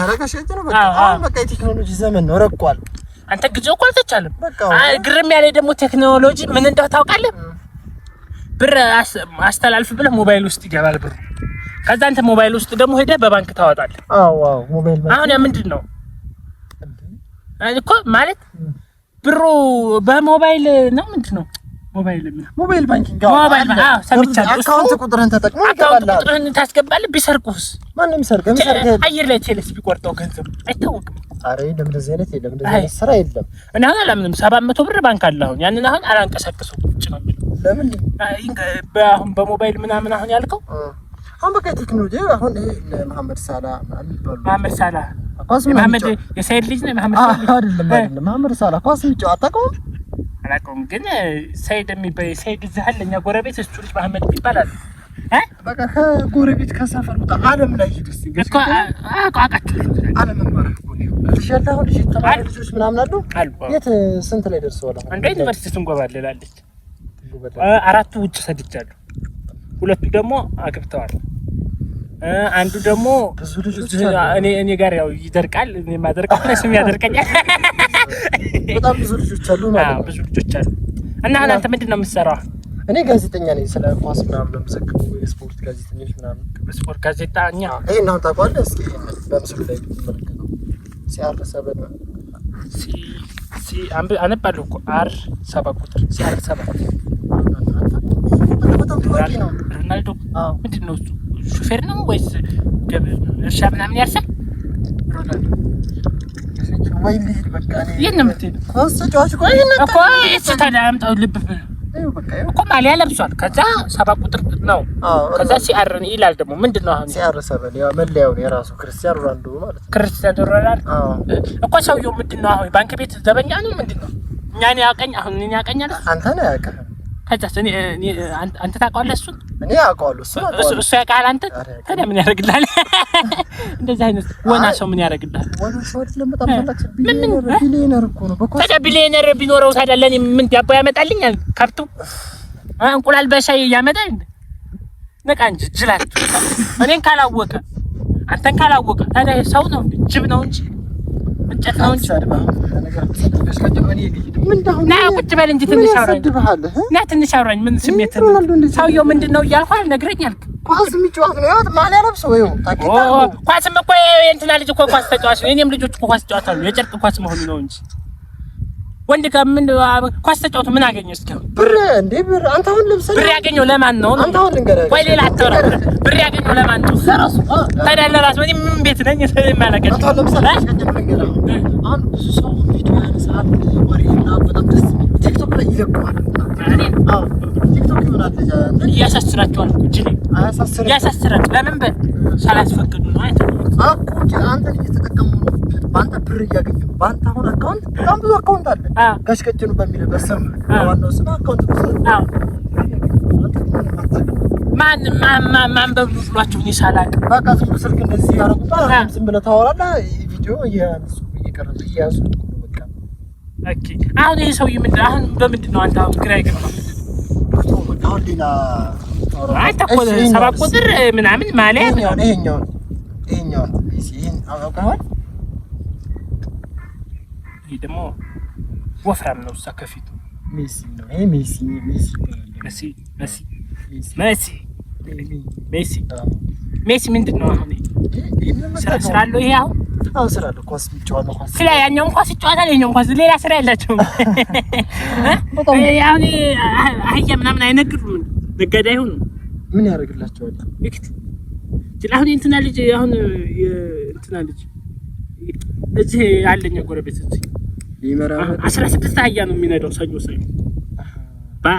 ያረጋሽ አሁን በቃ የቴክኖሎጂ ዘመን ነው፣ ረቋል። አንተ እኮ አልተቻለም። ግርም ያለ ደግሞ ቴክኖሎጂ ምን እንደው ታውቃለህ? ብር አስተላልፍ ብለህ ሞባይል ውስጥ ይገባል ብር። ከዛ አንተ ሞባይል ውስጥ ደግሞ ሄደህ በባንክ ታወጣለህ። አሁን ያ ምንድን ነው እኮ ማለት ብሩ በሞባይል ነው ምንድን ነው ሞባይል ሞባይል ባንኪንግ ሞባይል አካውንት ቁጥርህን ተጠቅሞ ቁጥርህን ታስገባለህ። ቢሰርቁስ? አየር ላይ ቴሌስ ቢቆርጠው ገንዘብ አይታወቅም። ኧረ የለም እንደዚህ አይነት የለም፣ እንደዚህ አይነት ስራ የለም። እኔ አሁን አላምንም። ሰባት መቶ ብር ባንክ አለ አሁን ያንን አሁን አላንቀሳቀሰው ጭ ነው የሚለው ለምን አሁን በሞባይል ምናምን አሁን ያልከው አሁን በቃ ቴክኖሎጂ አሁን መሐመድ ሳላ መሐመድ ሳላ ኳስ ልጅ ነው መሐመድ ሳላ አይደለም አይደለም መሐመድ ሳላ ኳስ የሚጫወት አታውቀውም አላውቀውም ግን ሰይድ የሚባል ሰይድ እዚህ አለ። ጎረቤት እሱ ልጅ መሀመድ ይባላል። በቃ ከጎረቤት ከሰፈር ወጣ አለም ላይ ሂድስ እኮ አውቃቸው አለም መማር ትሸልታ አሁን ልጅ ተማሪ ልጆች ምናምን አሉ አሉ። የት ስንት ላይ ደርሰዋል? እንደ ዩኒቨርሲቲ ስንጎባልላለች። አራቱ ውጭ ሰድጃለሁ፣ ሁለቱ ደግሞ አግብተዋል። አንዱ ደግሞ ብዙ ልጆች እኔ ጋር ያው ይደርቃል። እኔ ማደርቀው እሱም ያደርቀኛል በጣም ብዙ ልጆች አሉ ማለት ነው። ብዙ ልጆች አሉ። እና እናንተ ምንድን ነው የምትሰራው? እኔ ጋዜጠኛ ነኝ። ስለ ኳስ ምናምን በመዘግቡ የስፖርት ጋዜጠኞች ምናምን ስፖርት ጋዜጠኛ ይህ እናም ታውቀዋለህ። እስኪ በምስሉ ላይ ትመለከተው ሲአር ሰበ አነባለሁ እኮ አር ሰባ ቁጥር ሲአር ሰባ ሮናልዶ ምንድን ነው እሱ ሹፌር ነው ወይስ እርሻ ምናምን ያርሳል? ሮናልዶ እኮ ማሊያ ለብሷል። ከዛ ሰባ ቁጥር ነው። ከዛ ሲአር ይላል ደግሞ ምንድን ነው አሁን ሲአር ሰበን ያው መለያው ነው የራሱ ክርስቲያን ሮናልዶ ማለት ክርስቲያን ሮናልዶ እኮ ሰውየው ምንድን ነው አሁን ባንክ ቤት ዘበኛ ነው ምንድን ነው? እኛን ያቀኝ አሁን እኛን ያቀኛል። አንተ ነው ያቀህ ከዛስ እኔ አንተ ታውቀዋለህ? እሱን እኔ አውቀዋለሁ። እሱ አውቀዋለሁ። እሱ ያውቃል። አንተ ታዲያ ምን ያደርግልሃል? እንደዚህ አይነት ወና ሰው ምን ያደርግልሃል? ታዲያ ቢሊየነር ቢኖረው ታዲያ ለእኔ ምን ዳቦ ያመጣልኛል? ከብቱ እንቁላል በሻይ ያመጣል። ንቃ እንጂ ጅላት እኔን ካላወቀ አንተን ካላወቀ ታዲያ ሰው ነው ጅብ ነው እንጂ ቁጭ በል እንጂ ትንሽ አውራኝ፣ ና ትንሽ አውራኝ። ምን ስሜት ሰውየው ምንድን ነው እያልኩ አልነግረኝ አልክ። ኳስ የሚጫወት ነው ያው ማሊያ ለብሶ ይኸው ኳስም እኮ የእንትና ልጅ እኮ ኳስ ተጫዋች ነው። የእኔም ልጆች እኮ ኳስ ይጫወታሉ የጨርቅ ኳስ መሆኑ ነው እንጂ ወንድ ከምን ኳስ ተጫውቶ ምን አገኘ? እስኪ ብር እንዴ ብር አንተ አሁን ለምሳሌ ብር ያገኘው ለማን ነው? አንተ አሁን ልንገርህ ወይ ሌላ አታወራ። ብር ያገኘው ለማን ነው? ለራሱ ታዲያ ለራሱ እኔ ምን ቤት ነኝ? ስለማላቀኝ አንተ አሁን ለምሳሌ ሰው ቪዲዮ ያነሳል፣ ወሬ እና በጣም ያሳስራቸዋል። እጅ ያሳስራል። ለምን በል ሳላስፈቅዱ ነው። አይተ አንተ ልጅ ተጠቀሙ ነው በአንተ ብር እያገኘ በአንተ አሁን አካውንት በጣም ብዙ አካውንት አለ። ጋሽ በሚል በሚልበት ዋናው ስም አካውንት ማን ማንበብ ብሏቸው እኔ ሳላቅ በቃ ዝም ብሎ ስልክ እንደዚህ ያደረጉት ዝም ብለህ ታወራለህ። ቪዲዮ እየቀረጽ እያያዙ አሁን ይህ ሰውዬ ምንድን አሁን በምንድን ነው አንተ አሁን ግራ የገባህ? አሁን ሌላ ሰባት ቁጥር ምናምን ማለት ነው ይሄኛውን ይሄኛውን ይሄን አውቀዋል ይሄ ደግሞ ወፍራም ነው። እዛ ከፊቱ ሜሲ ነው። ይሄ ሜሲ ሜሲ ሜሲ ሜሲ ሜሲ ሜሲ ሜሲ ምንድን ነው አሁን? ስራ አለው ይሄ አሁን አሁን ስራ አለው። ኳስ ይጫወታል። ኳስ ስለ ያኛውም ኳስ ይጫወታል። የኛውም ኳስ ሌላ ስራ የላቸውም። አሁን አህያ ምናምን አይነግዱም። ነጋዴ አይሆኑም። ምን ያደርግላቸዋል? ይክት አሁን እንትና ልጅ አሁን እንትና ልጅ እዚህ አለኝ ጎረቤት እዚህ አስራ ስድስት አህያ ነው የሚነዳው ሰኞ ሰኞ።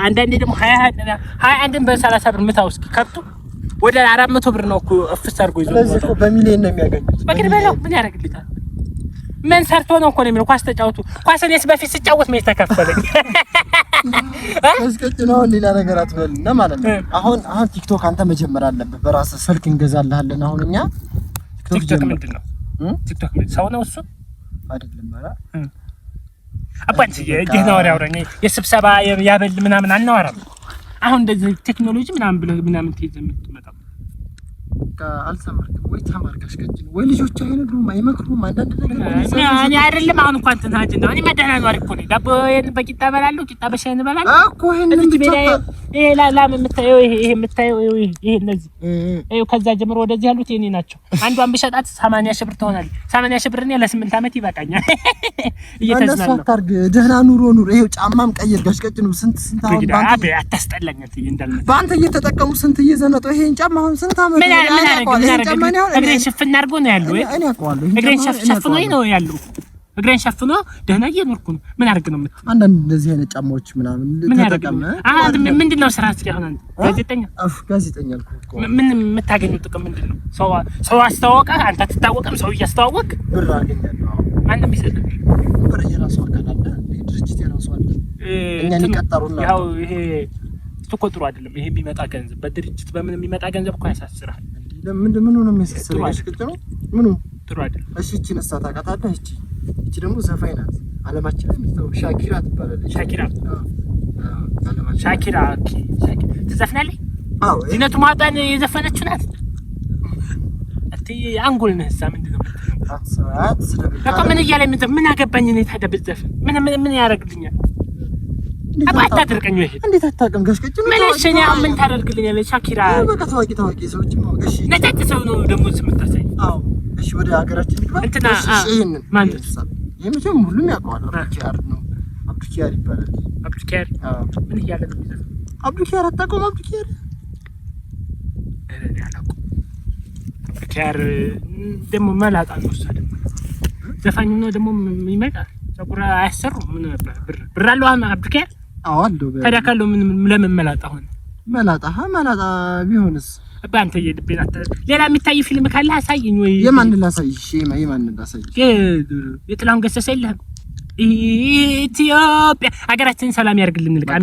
አንዳንዴ ደግሞ ሀያ አንድን በሰላሳ ብር ምታው እስኪ ከብቱ ወደ አራት መቶ ብር ነው እኮ እፍስ አድርጎ ይዞ። ስለዚህ በሚሊዮን ነው የሚያገኙት። በግድ በለው ምን ያደርግልታል? ምን ሰርቶ ነው እኮ ነው የሚለው። ኳስ ተጫውቱ። ኳስ እኔስ በፊት ስጫወት መች ተከፈለኝ። አሁን ሌላ ነገር አትበልና ማለት ነው። አሁን አሁን ቲክቶክ አንተ መጀመር አለብህ በራስህ ስልክ እንገዛልሃለን። አሁን እኛ ቲክቶክ ምንድን ነው? ቲክቶክ ሰው ነው እሱ አይደለም። አባት ጌታ ወሬ አውረኝ የስብሰባ ያበል ምናምን አናወራም። አሁን እንደዚህ ቴክኖሎጂ ምናምን ብለህ ምናምን ትይዘህ የምትመጣው አልተማርክም ወይ ተማርካሽ ከጅ ወይ ልጆች አይነግሩም አይመክሩም። አንዳንድ ነገር እኔ አይደለም አሁን እንኳን እንትን ሀጅ ነው እኔ መደህና ነዋሪ እኮ ነኝ። ዳቦዬን በቂጣ እበላለሁ፣ ቂጣ በሻይ እንበላለን እኮ ይሄንን ብቻ ይሄ ላም የምታየው ይሄ የምታየው ይሄ እነዚህ ከዛ ጀምሮ ወደዚህ ያሉት የኔ ናቸው። አንዷን ብሸጣት ሰማንያ ሺህ ብር ትሆናለች። ሰማንያ ሺህ ብር እኔ ለስምንት ዓመት ይበቃኛል። እየተዝናናሁ ደህና ኑሮ ኑሮ። ይሄው ጫማም ቀይር ጋሽ ቀጭኑ። ስንት ስንት አሁን ባንተ አታስጠላኝ እንዳልመጣ ባንተ እየተጠቀሙ ስንት እየዘነጡ ይሄን ጫማ አሁን ስንት ዓመት ምን ምን ምን አረግ እግሬን ሽፍን አድርጎ ነው ያለው። እኔ አውቀዋለሁ እግሬን ሸፍኖኝ ነው ያለው እግሬን ሸፍኖ ደህና እየኖርኩ ነው። ምን አድርግ ነው የምትለው? አንዳንድ እንደዚህ አይነት ጫማዎች ምናምን ተጠቀም። ምንድን ነው ስራ እስኪሆን አንተ ጋዜጠኛ ጋዜጠኛ ምን የምታገኘው ጥቅም ምንድን ነው? ሰው አስተዋወቀ፣ አንተ አትታወቅም። ሰው እያስተዋወቅ ብር አገኛለሁ። ማንም ይሰጥ ብር የራሱ አካል አለ፣ ድርጅት የራሱ አለ። እኛ ይቀጠሩና ያው ይሄ እኮ ጥሩ አይደለም። ይሄ የሚመጣ ገንዘብ በድርጅት በምን የሚመጣ ገንዘብ እኮ ያሳስራል። ምን ምን ነው የሚያሳስረው? ምን ነው ምኑ ጥሩ አይደለም። እሺ እቺን እሳት አቃታለህ እቺ እቺ ደግሞ ዘፋኝ ናት። አለማችን ላይ የምትታወቅ ሻኪራ ትባላለች። ሻኪራ ሻኪራ ትዘፍናለች። ዚነቱ ማጣን የዘፈነችው ናት። አንጎል ነህ እዛ ምንድን ነው በቃ ምን እያለ ምን አገባኝ እኔ ታዲያ ብትዘፍን ምን ያደርግልኛል? አታደርቀኝ ወይ ገሽቀጭ ምን እሺ፣ ምን ታደርግልኛለች? ሻኪራ ታዋቂ ታዋቂ ሰዎች ነጫጭ ሰው ነው ደግሞ ወደ ሀገራችን ይግባ። ይህንን የመቼም ሁሉም ያውቀዋል። አብዱኪያር ነው። አብዱኪያር ይባላል። አብዱኪያር ምን እያለ ነው? አብዱኪያር አታውቀውም? አብዱኪያር አብዱኪያር ደግሞ መላጣ ነው። እሷ ደግሞ ዘፋኝ ነው ደግሞ ይመጣል። ጸጉር አያሰሩም። ምን ነበር ብር ብር አለው አብዱኪያር? አዎ አለው። ታዲያ ካለው ምን ለምን መላጣ ሆነ? መላጣ መላጣ ቢሆንስ በአንተ የልቤን አታ ሌላ የሚታይ ፊልም ካለ አሳየኝ። ወይ የማን ላሳይሽ? የማን ላሳይሽ? የጥላሁን ገሰሰ የለህም? ኢትዮጵያ ሀገራችንን ሰላም ያርግልን። ልቃ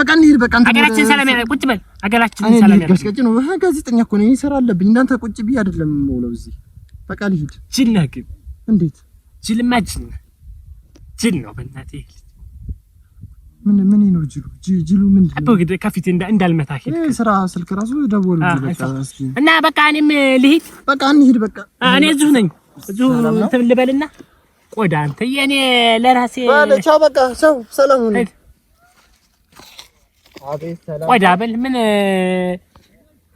በቃ እንሂድ። በቃ ሀገራችንን ሰላም ያርግ። ቁጭ በል። ሀገራችንን ሰላም ያርግ። ቀጭ ነው። ጋዜጠኛ እኮ ነኝ፣ ስራ አለብኝ። እንዳንተ ቁጭ ብዬ አይደለም የምውለው እዚህ። በቃ ልሂድ። ጅል ነህ ግን። እንዴት ጅልማ ጅል ነህ። ነው በእናትህ من من ينوجلو جي جيلو من ابو قد كافيت عند عند المتاكل ايه سرا سلك راسو يدور آه بقى انا بقى اني مليت بقى اني هيد بقى آه انا ازو نني ازو انت اللي بالنا قود انت يعني لراسي بعد تشا بقى شو سلام إيه. عليك سلام قود ابل من آه،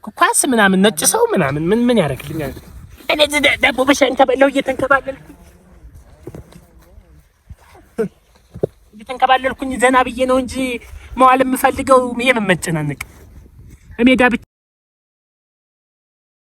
كواس منا من نجسو منا من من يعرف لي انا زيد دابو باش انت بلو يتنكبل لك እየተንከባለልኩኝ ዘና ብዬ ነው እንጂ መዋል የምፈልገው የምመጨናነቅ ሜዳ ብቻ